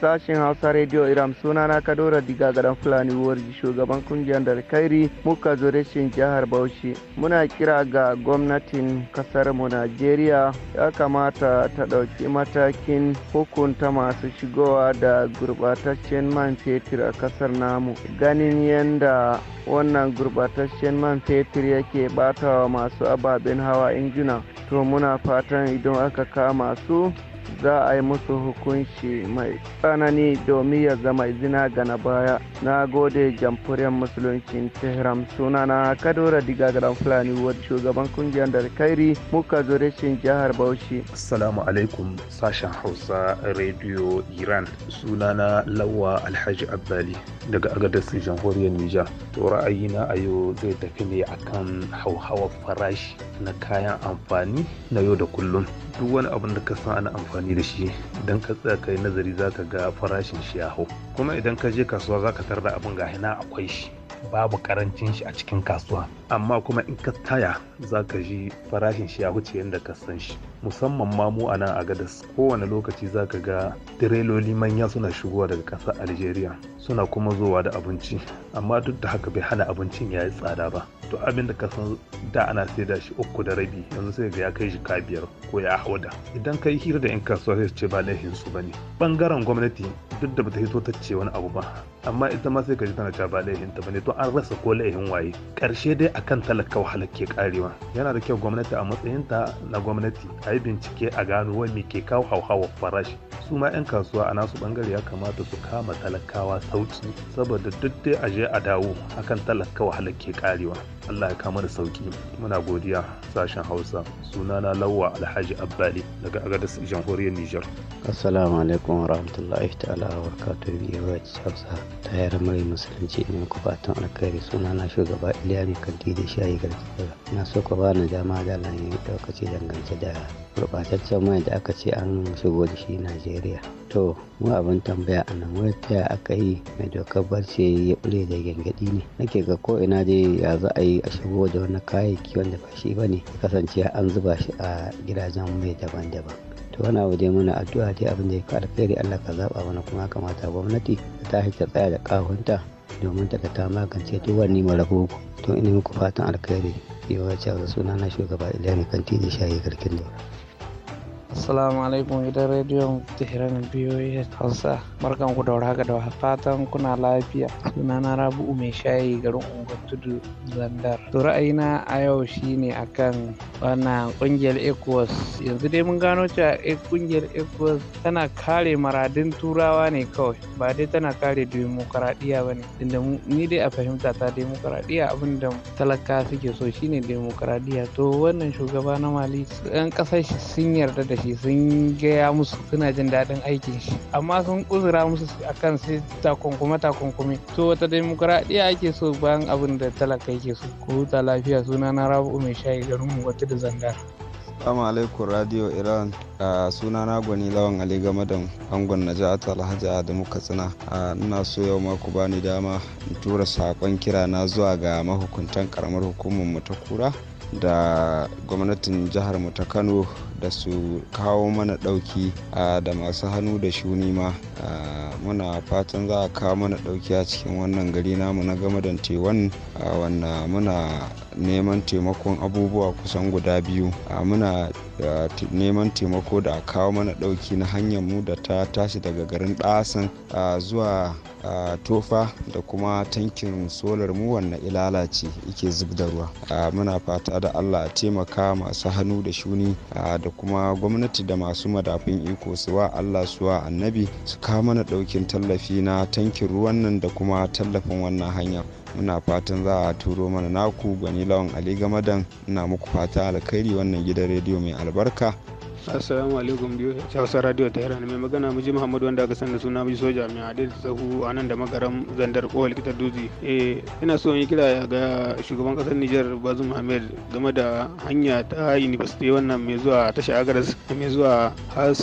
sashen hausa radio iram Suna na kadora diga gadon fulani warji shugaban kungiyar da kairi muka zo rashin jihar bauchi muna kira ga gwamnatin kasar mu najeriya ya kamata ta ɗauki matakin hukunta masu shigowa da gurbataccen man fetur a kasar namu ganin yadda wannan gurbataccen man fetur yake batawa masu ababen hawa injina to muna fatan idan aka kama su za a yi musu hukunci mai tsanani domin ya zama izina ga na baya na gode jamhuriyar musuluncin tehran sunana kadora diga fulani wadda shugaban kungiyar da kairi muka zo rashin jihar bauchi assalamu alaikum sashen hausa radio iran sunana lawa alhaji abbali daga agadas jamhuriyar nija to ra'ayina a yau zai tafi ne akan hauhawar farashi na kayan amfani na yau da kullum duk wani abin da ka san ana amfani da shi idan ka tsaya kai nazari za ka ga farashin shi ya hau kuma idan ka je kasuwa za ka tarda abin ga akwai shi babu karancin shi a cikin kasuwa amma kuma in ka taya za ka ji farashin shi ya wuce yadda ka san shi musamman ma mu a nan a gadas kowane lokaci za ka ga direloli manya suna shigowa daga ƙasar algeria suna kuma zuwa da abinci amma duk da haka bai hana abincin ya yi tsada ba to abin da ka san da ana da shi uku da rabi yanzu sai ga ya kai shi biyar ko ya hauda idan ka yi hira da 'yan kasuwa sai su ce ba laifin su ba ne ɓangaren gwamnati duk da bata hito ta ce wani abu ba amma ita ma sai ka ji tana ta ba laihin ta bane to an rasa ko laihin waye karshe dai akan talaka wahalar ke karewa yana da kyau gwamnati a matsayinta na gwamnati a yi bincike a gano me ke kawo hauhawar farashi su ma 'yan kasuwa a nasu bangare ya kamata su kama talakawa sauki saboda duk dai a je a dawo akan talaka wahalar ke karewa Allah ya kama da sauki muna godiya sashen Hausa sunana Lawwa Alhaji Abbali daga Agadas Jamhuriyar Niger Assalamu alaikum rahmatullahi ta'ala wa barakatuh Hausa ta yara mai musulunci ne muku fatan alkhairi suna na shugaba iliya mai kanti da shayi garki da, na so ka bani dama da na yi lokaci dangance da gurɓataccen mai da aka ce an shigo da shi najeriya to mu abin tambaya a nan wai ta aka yi mai dokar barci ya bule da gyangyaɗi ne nake ga ko ina dai ya za a yi a shigo da wani kayayyaki wanda ba shi ba ne kasance an zuba shi a gidajen mai daban-daban to wani abu dai muna addu'a dai abin da ya fi alkhairi Allah ka zaba mana kuma ya kamata gwamnati ta tashi ta tsaya da kahunta domin ta ta magance duk wani marabu to ina muku fatan alkhairi ce a suna na shugaba Ilani Kanti da shayi garkin da. Assalamu alaikum gidan rediyon Tehran BOA Hausa. markan ku daura haka da fatan kuna lafiya. Sunana rabu mai shayi garin Unguwar Tudu Zandar. To ra'ayina a yau shine akan wannan kungiyar ecos Yanzu dai mun gano cewa kungiyar eh, ecos tana kare maradin turawa ne kawai ba dai tana kare demokaradiyya ba ne. Inda ni dai a fahimta ta demokaradiyya da talaka suke so shine demokaradiyya. To wannan shugaba na Mali 'yan sun yarda da shi aiki sun gaya musu suna jin daɗin aikin shi amma sun uzura musu akan sai takunkume takunkume to wata demokuraɗiyya ake so bayan abin da talaka yake so ku huta lafiya suna na rabu mai shayi garin wata da zangar Assalamu alaikum Radio Iran a suna na gwani lawan Ali game da angon ta Alhaji Adamu Katsina a ina so yau ma ku bani dama in tura sakon kira na zuwa ga mahukuntan karamar hukumar mu ta kura da gwamnatin jihar mu ta kano da su kawo mana ɗauki da masu hannu da shuni ma muna fatan za a kawo mana ɗauki a cikin wannan gari namu na gama da tewan wanda muna neman taimakon abubuwa kusan guda biyu muna neman taimako da a kawo mana ɗauki na hanyar mu da ta tashi daga garin ɗasan zuwa tofa da kuma tankin solar mu wannan ilalace yake zub da ruwa muna fata da allah a taimaka masu hannu da shuni da kuma gwamnati da masu madafin iko suwa allah suwa annabi su ka mana ɗaukin tallafi na tankin ruwan nan da kuma tallafin wannan hanya muna fatan za a turo mana naku gwani lawan ali gamadan ina muku fata alkhairi wannan gidan rediyo mai albarka assalamu alaikum biyu hausa radio ta hira mai magana muji muhammad wanda aka sanda suna muji soja mai hadin sahu a nan da magaram zandar kowal kita dutse eh ina so yi kira ga shugaban kasar niger bazum muhammad game da hanya ta university wannan mai zuwa ta shagaras mai zuwa har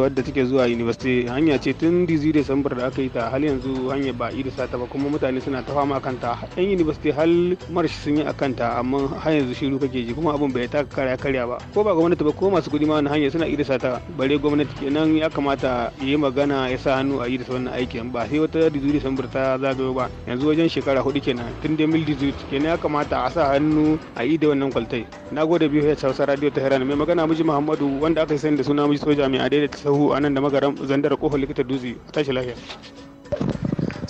wadda take zuwa university hanya ce tun dizi da sambar da aka yi ta hal yanzu hanya ba iri sata ba kuma mutane suna ta fama akan ta yan university hal marshi sun yi akan ta amma har yanzu shiru kake ji kuma abun bai ta kare kare ba ko ba gwamnati ba ko masu kudi ma wannan hanya ne suna irisa ta bare gwamnati kenan ya kamata ya yi magana ya sa hannu a yi da wannan aikin ba sai wata dizuri birta ta zagayo ba yanzu wajen shekara hudu kenan tun da mil dizuri kenan ya kamata a sa hannu a yi da wannan kwaltai na gode biyu ya hausa radio ta herana mai magana miji muhammadu wanda aka sani da suna miji soja mai adai da sahu a nan da magaran zandar kofar likita dutse tashi lafiya.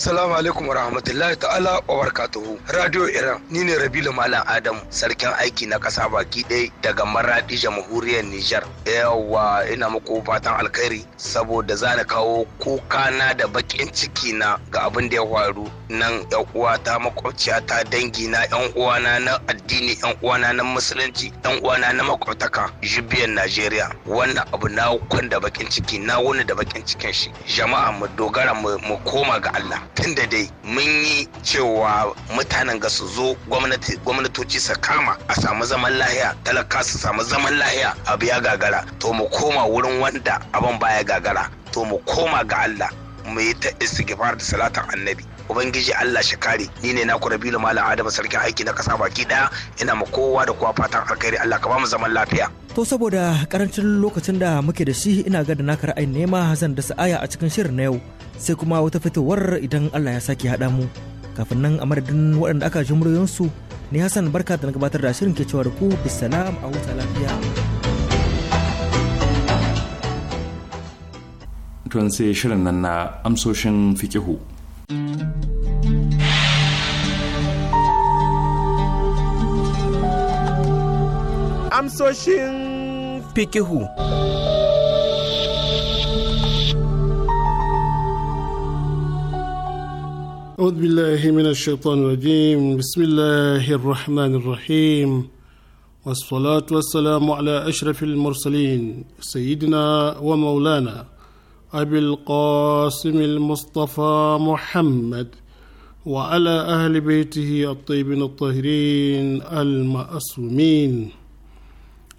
Assalamu alaikum wa rahmatullahi ta'ala wa barakatuhu. Radio Iran ni ne Rabilu Malam Adam sarkin aiki na ƙasa baki ɗaya daga Maradi jamhuriyar Nijar. Yawwa ina muku fatan alkhairi saboda za na kawo kuka na da bakin ciki na ga abin da ya faru nan yan makwabciya ta dangi na yan uwa na na addini yan uwa na musulunci yan uwa na makwabtaka jibiyar Najeriya. Wannan abu na kwanda bakin ciki na wani da bakin cikin shi. Jama'a mu dogara mu koma ga Allah. tun da dai mun yi cewa mutanen ga su zo gwamnatoci su kama a samu zaman lahiya talaka su samu zaman lahiya abu ya gagara to mu koma wurin wanda abin baya gagara to mu koma ga Allah mu yi ta istighfar da salatar annabi ubangiji Allah shi kare ni ne naku Rabilu Malam Adama sarkin aiki na kasa baki daya ina ma kowa da kowa fatan alkhairi Allah ka ba mu zaman lafiya to saboda karancin lokacin da muke da shi ina ga da naka ra'ayin nema zan da sa'aya a cikin shirin na yau sai kuma wata fitowar idan Allah ya sake hada mu kafin nan a madadin waɗanda aka ji muryoyinsu ni Hassan barka da na gabatar da shirin ke cewa da ku bisalam a huta lafiya tun sai shirin nan na amsoshin fikihu Amsoshin fikihu. أعوذ بالله من الشيطان الرجيم بسم الله الرحمن الرحيم والصلاة والسلام على أشرف المرسلين سيدنا ومولانا أبي القاسم المصطفى محمد وعلى أهل بيته الطيبين الطاهرين المأسومين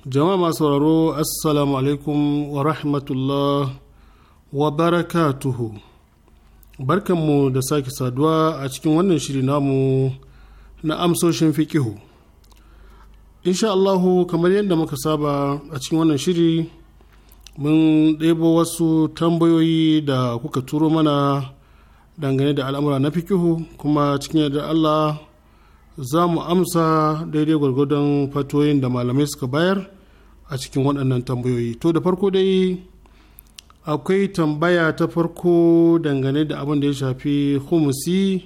جماعة سرروا السلام عليكم ورحمة الله وبركاته barkanmu da sake saduwa a cikin wannan shiri namu na amsoshin fikihu insha Allahu kamar yadda muka saba a cikin wannan shiri mun ɗebo wasu tambayoyi da kuka turo mana dangane da al'amura na fikihu kuma cikin yadda Allah za mu amsa daidai gwargwadon fatoyin da malamai suka bayar a cikin waɗannan tambayoyi to da farko dai akwai tambaya ta farko dangane da abin da ya shafi humusi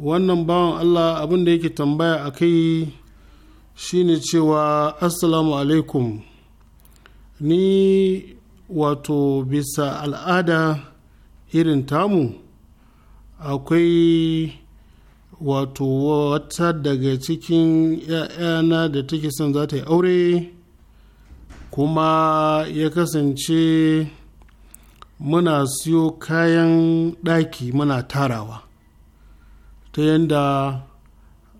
wannan bawan Allah abin da yake tambaya a kai shine cewa assalamu alaikum ni wato bisa al'ada irin tamu akwai wato wata daga cikin 'ya'yana da take son za ta yi aure kuma ya kasance muna siyo kayan ɗaki muna tarawa ta yadda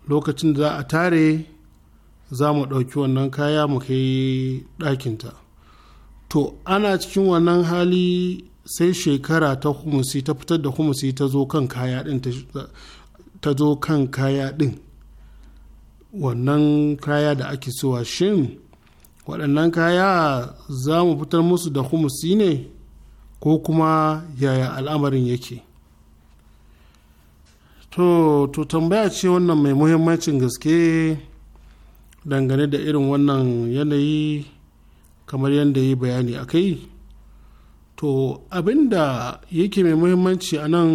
lokacin da za a tare za mu ɗauki wannan kaya mu kai ɗakinta to ana cikin wannan hali sai shekara ta humusi ta fitar da humusi ta zo kan kaya din ta zo kan kaya din wannan kaya da ake sowa shin waɗannan kaya za mu fitar musu da humusi ne ko kuma yaya al'amarin yake to to tambaya ce wannan mai muhimmancin gaske dangane da irin wannan yanayi kamar yadda yi bayani a kai to abin da yake mai muhimmanci a nan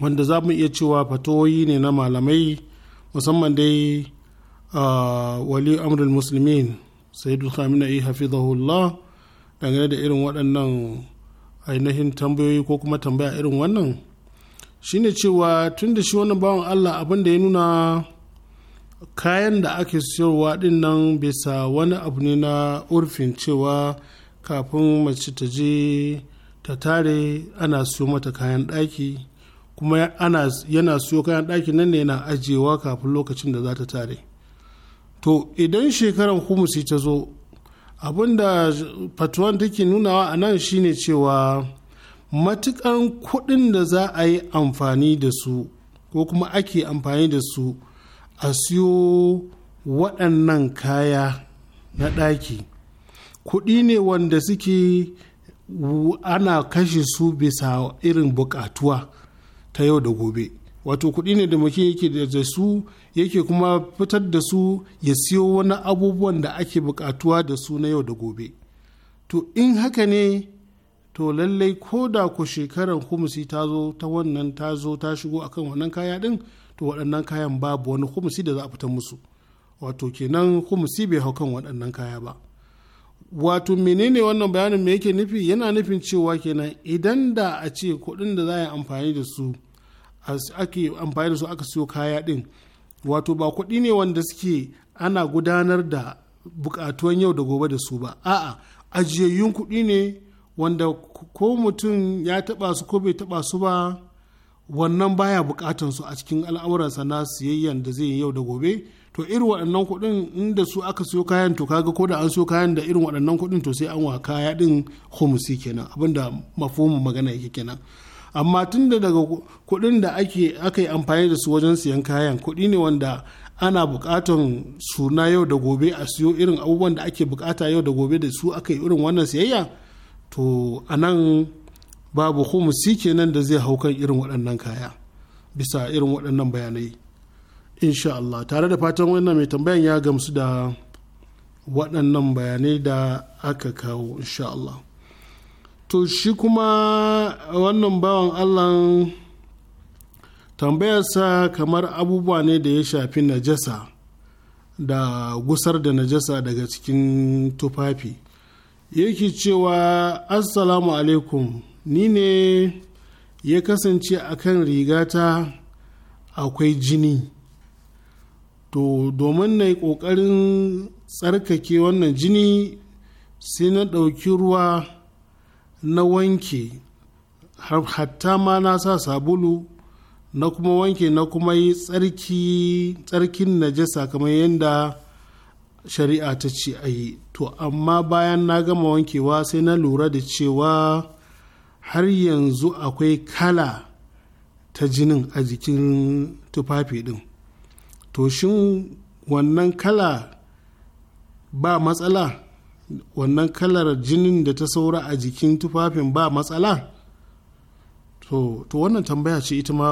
wanda za mu iya cewa fatoyi ne na malamai musamman dai wali amrul musulmin sayyidul khamenei hafizahullah dangane da irin waɗannan ainihin tambayoyi ko kuma tambaya irin wannan shine cewa tun da shi wani bawan allah abin da ya nuna kayan da ake siyarwa din nan bisa wani abu ne na urfin cewa kafin mace ta je ta tare ana siyo mata kayan ɗaki kuma ana yana siyo kayan ɗaki nan ne yana ajiyewa kafin lokacin da za ta tare to idan shekarar humusi ta zo abinda fatuwan take nunawa a nan shine cewa matukan kuɗin da za a yi amfani da su ko kuma ake amfani da su a siyo waɗannan kaya na ɗaki kuɗi ne wanda suke ana kashe su bisa irin buƙatuwa ta yau da gobe wato kuɗi ne da muke yake da su yake kuma fitar da su ya siyo wani abubuwan da ake buƙatuwa da su na yau da gobe to in haka ne to lallai ko da ku shekaran kuma ta zo ta wannan ta zo ta shigo akan wannan kaya ɗin to waɗannan kayan babu wani kumusi da za a fitar musu wato kenan kumusi bai hau kan waɗannan kaya ba wato menene wannan bayanin me yake nufi yana nufin cewa kenan idan da a ce kuɗin da za a yi amfani da su ake amfani da su aka siyo kaya ɗin wato ba kuɗi ne wanda suke ana gudanar da buƙatuwan yau da gobe da su ba a'a ajiyayyun kuɗi ne wanda ko mutum ya taɓa su ko bai taɓa su ba wannan baya bukatan su a cikin al'amuransa na siyayyan da zai yi yau da gobe to irin waɗannan kuɗin inda su aka siyo kayan to kaga ko da an siyo kayan da irin waɗannan kuɗin to sai an wa kaya din humusi kenan abinda mafhumin magana yake kenan amma tunda daga kuɗin da ake aka yi amfani da su wajen siyan kayan kuɗi ne wanda ana bukatan suna yau da gobe a siyo irin abubuwan da ake bukata yau da gobe da su aka yi irin wannan siyayya to anan babu humusi kenan da zai hau kan irin waɗannan kaya bisa irin waɗannan bayanai insha Allah tare da fatan wannan mai tambayan ya gamsu da waɗannan bayanai da aka kawo insha Allah to shi kuma wannan bawan Allah tambayarsa kamar abubuwa ne da ya shafi najasa da gusar da najasa daga cikin tufafi yake cewa assalamu alaikum ni ne ya kasance a kan rigata akwai jini to domin na yi ƙoƙarin tsarkake wannan jini sai na ɗauki ruwa na wanke hatta ma na sa sabulu na kuma wanke na kuma yi tsarki tsarkin najasa kamar yadda shari'a ta ce a yi to amma bayan na gama wankewa sai na lura da cewa har yanzu akwai kala ta jinin a jikin tufafi din to shin wannan kala ba matsala wannan kalar jinin da ta saura a jikin tufafin ba matsala to, to wannan tambaya ce ita ma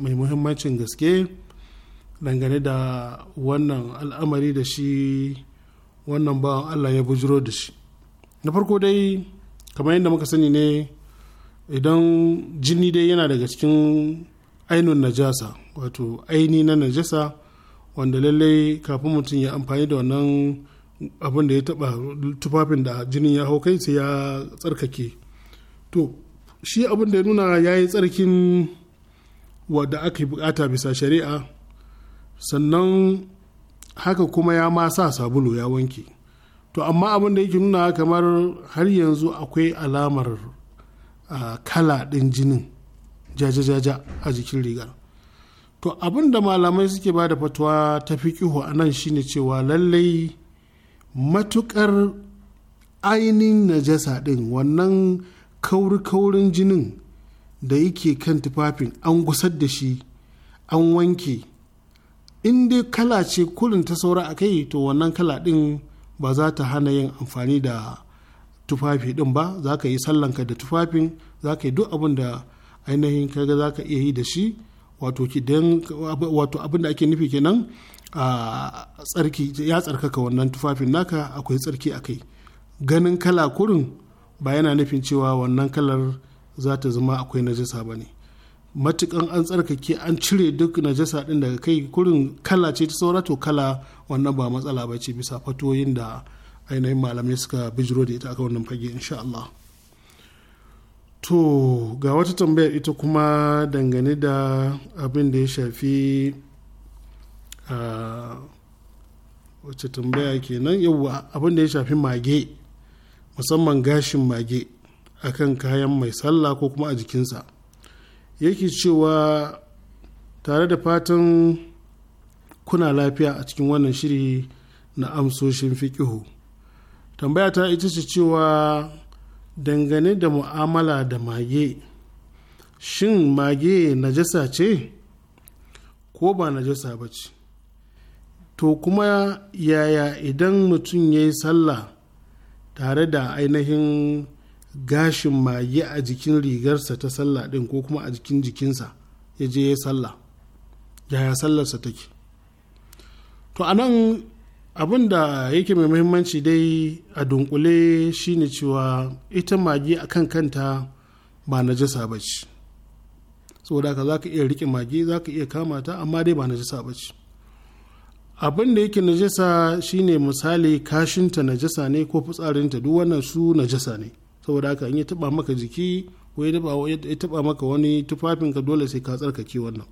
mai muhimmancin gaske dangane da wannan al'amari da shi wannan ba allah ya bujiro da shi na farko dai kamar yadda muka sani ne idan jini dai yana daga cikin ainun najasa wato aini na najasa wanda lallai kafin mutum ya amfani da wannan abin da ya taba tufafin da jinin ya hau kai sai ya tsarkake to shi abin da ya nuna ya yi tsarkin wadda aka yi bukata bisa shari'a sannan haka kuma ya ma sa sabulu ya wanke to amma abin da yake nuna kamar har yanzu akwai alamar a kala ɗin jinin jaje-jaje a jikin rigar to abin da malamai suke ba da fatuwa ta fikihu a nan shine cewa lallai matukar ainihin najasa ɗin wannan kauri-kaurin jinin da yake kan tufafin an gusar da shi an wanke in dai kala ce kurin ta saura a kai to wannan kala ɗin ba za ta hana yin amfani da tufafi din ba za ka yi sallanka da tufafin za ka yi duk abin da ainihin kaga za ka iya yi da shi wato abin da ake nufi kenan a tsarki ya tsarkaka wannan tufafin naka akwai tsarki a kai ganin kala kurin ba yana nufin cewa wannan kalar za ta zama akwai najasa ba ne matukan an tsarkake an cire duk najasa din daga kai kurin kala ce ta saura to kala wannan ba matsala ba ce bisa fatoyin da ainihin malamai suka bijiro da ita aka wannan fage insha Allah to ga wata tambayar ita kuma dangane da abin da ya shafi wacce tambaya kenan yawwa abin da ya shafi mage musamman gashin mage akan kayan mai sallah ko kuma a jikinsa yake cewa tare da fatan kuna lafiya a cikin wannan shiri na amsoshin fikihu. tambaya ta ita ce cewa dangane da mu'amala da mage shin mage najasa ce ko ba najasa ba ce to kuma yaya idan mutum ya yi sallah tare da ainihin gashin mage a jikin rigarsa ta sallah din ko kuma a jikin jikinsa ya je ya yi sallah yaya sallarsa take to anan abin da yake mai muhimmanci dai a dunkule shine cewa ita magi a kan kanta ba jisa ba ce saboda ka za ka iya rike magi za ka iya kama ta amma dai ba jisa ba ce abin da yake najasa shine misali kashinta najasa ne ko fitsarinta duk wannan su najasa ne saboda haka in ya taba maka jiki ko ya taba maka wani tufafinka dole sai ka tsarkake wannan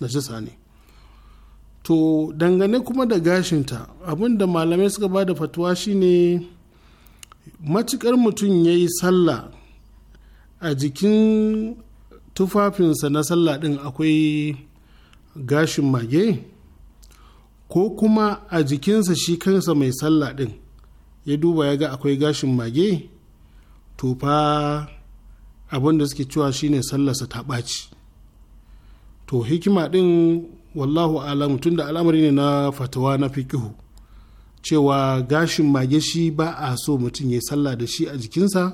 najasa ne to dangane kuma da gashinta abinda malamai suka ba da fatuwa shine matukar mutum ya yi sallah a jikin tufafinsa na sallah din akwai gashin mage ko kuma a jikinsa shi kansa mai sallah din ya duba ya ga akwai gashin mage to fa abin da suke cewa shine sallarsa ta ɓaci to hikima din wallahu alamu da al'amari ne na fatawa na fikihu cewa gashin mage shi ba a so mutum ya sallah da shi a jikinsa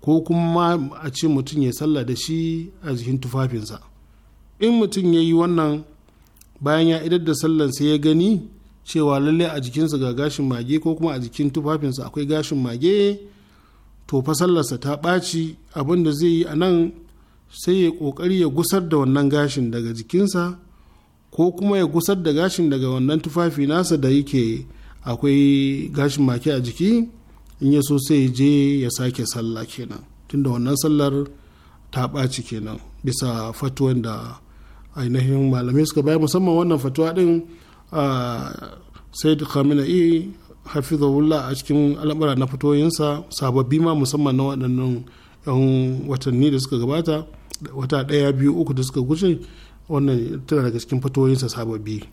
ko kuma a ce mutum ya sallah da shi a jikin tufafinsa in mutum ya yi wannan bayan ya idar da sai ya gani cewa lalle a jikinsa ga gashin mage ko kuma a jikin tufafinsa akwai gashin mage to fa sallarsa ta ɓaci abin da zai yi a nan sai ya ƙoƙari ya gusar da wannan gashin daga jikinsa ko kuma ya gusar da gashin daga wannan tufafi nasa da yake akwai gashin maki a jiki in ya so sai je ya sake sallah kenan tunda wannan sallar ta ɓaci kenan bisa fatuwan da ainihin malamai suka bayar musamman wannan fatuwa din a i khamenei hafizahullah a cikin al'amura na fatoyinsa sababbi ma musamman na waɗannan 'yan watanni da suka gabata wata ɗaya biyu uku da suka gushe wannan tana daga cikin fatoyinsa sababbi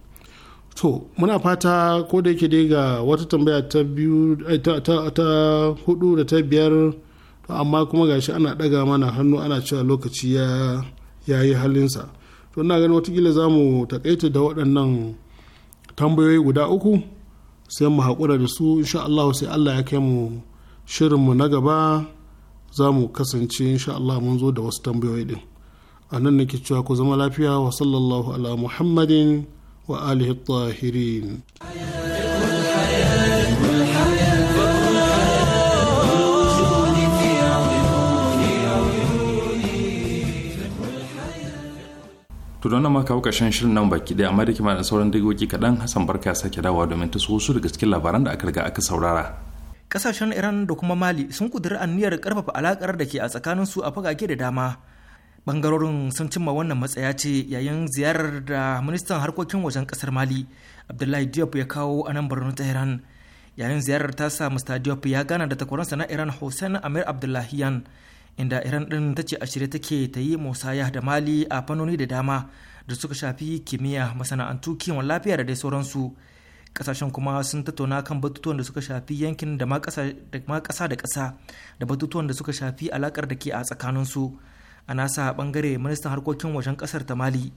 to muna fata ko da yake dai ga wata tambaya ta biyu eh, ta hudu da ta biyar to amma kuma gashi ana daga mana hannu ana cewa lokaci ya yi halinsa to ina ganin watakila za mu takaita da waɗannan tambayoyi guda uku sai mu haƙura da su insha Allah sai Allah ya kai mu shirinmu na gaba za mu kasance insha Allah mun zo da wasu tambayoyi din a nan nake cewa ku zama lafiya wa sallallahu ala muhammadin wa alihi tahirin to don nan maka shan shirin nan baki daya amma da kima sauran dagoki kaɗan hassan barka sake dawowa domin ta so su daga cikin labaran da aka riga aka saurara kasashen iran da kuma mali sun kudiri aniyar karfafa alakar da ke a tsakanin su a fagage da dama bangarorin sun cimma wannan matsaya ce yayin ziyarar da ministan harkokin wajen kasar mali abdullahi diop ya kawo a nan birnin tehran yayin ziyarar tasa mr diop ya gana da takwaransa na iran hussein amir abdullahiyan inda iran din ta ce a shirye take ta yi musaya da mali a fannoni da dama da suka shafi kimiyya masana'antu kiwon lafiya da dai sauransu kasashen kuma sun tattauna kan batutuwan da suka shafi yankin da ma kasa da kasa da batutuwan da suka shafi alakar da ke a tsakaninsu su a nasa bangare ministan harkokin wajen kasar ta mali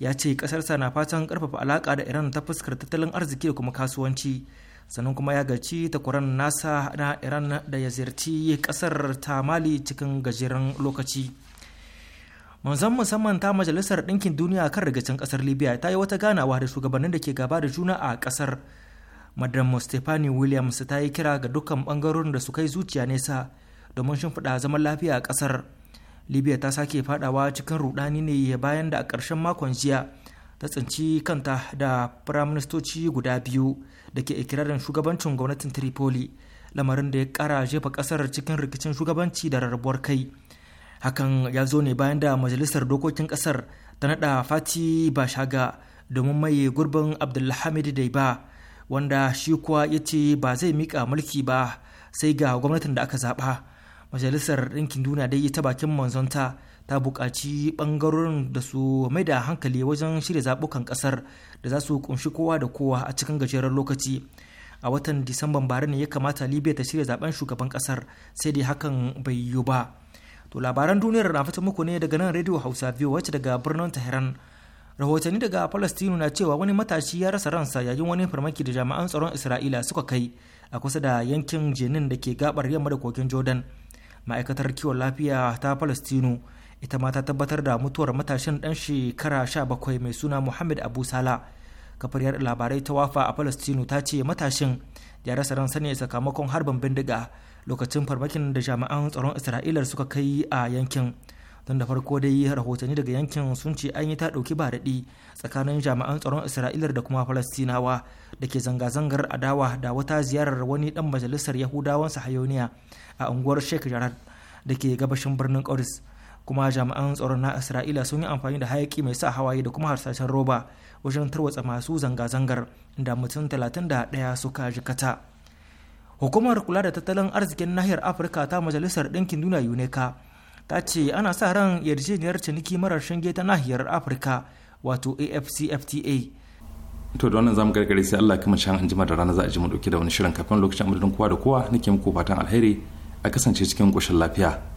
ya ce kasarsa na fatan karfafa alaka da iran ta fuskar tattalin arziki da kuma kasuwanci sannan kuma ya gaci takwaran nasa na iran da ya ziyarci kasar ta mali cikin gajeren lokaci manzan musamman ta majalisar ɗinkin duniya kan rigacin kasar libya ta yi wata ganawa da shugabannin da ke gaba da juna a ƙasar madam stephanie williams ta yi kira ga dukkan bangarorin da su kai zuciya nesa domin shimfiɗa zaman lafiya a ƙasar. libya ta sake fadawa cikin rudani ne bayan da a ƙarshen makon jiya ta tsinci kanta da firaministoci guda biyu da ke ikirarin shugabancin gwamnatin tripoli lamarin da ya kara jefa kasar cikin rikicin shugabanci da rarrabuwar kai hakan ya zo ne bayan da majalisar dokokin kasar ta nada fati ba shaga domin maye gurbin abdulhamid daiba wanda shi kuwa ya ce ba zai mika mulki ba sai ga gwamnatin da aka zaba majalisar ɗinkin duniya da ta bakin manzonta ta buƙaci ɓangarorin da su mai da hankali wajen shirya zaɓukan ƙasar da za su kunshi kowa da kowa a cikin gajeren lokaci a watan disamban bara ne ya kamata libya ta shirya zaɓen shugaban ƙasar sai dai hakan bai yiwu ba to labaran duniyar na fita muku ne daga nan radio hausa biyu wacce daga birnin tehran rahotanni daga palestinu na cewa wani matashi ya rasa ransa yayin wani farmaki da jami'an tsaron isra'ila suka kai a kusa da yankin jenin da ke gabar yamma da kogin jordan ma'aikatar kiwon lafiya ta palestino ita ma ta tabbatar da mutuwar matashin dan shekara 17 mai suna muhammad abu sala kafar yar labarai ta wafa a palestino ta ce matashin ya rasa ransa ne sakamakon harbin bindiga lokacin farmakin da jami'an tsaron isra'ila suka kai a yankin tun da farko dai rahotanni daga yankin sun ce an yi ta ɗauki ba daɗi tsakanin jami'an tsaron isra'ilar da kuma falastinawa da ke zanga-zangar adawa da wata ziyarar wani ɗan majalisar yahudawan sahayoniya a unguwar sheikh jarad da ke gabashin birnin qoris kuma jami'an tsaron na isra'ila sun yi amfani da hayaki mai sa hawaye da kuma harsashen roba wajen tarwatsa masu zanga-zangar da mutum talatin da daya suka jikata hukumar kula da tattalin arzikin nahiyar afirka ta majalisar ɗinkin duniya unica. ta ce ana sa ran yarjejeniyar ciniki marar shinge ta nahiyar afirka wato afcfta to da wannan zamu gargare sai Allah kuma shan anjima da rana za a ji mu dauke da wani shirin kafin lokacin amadadin kowa da kowa nake muku fatan alheri a kasance cikin koshin lafiya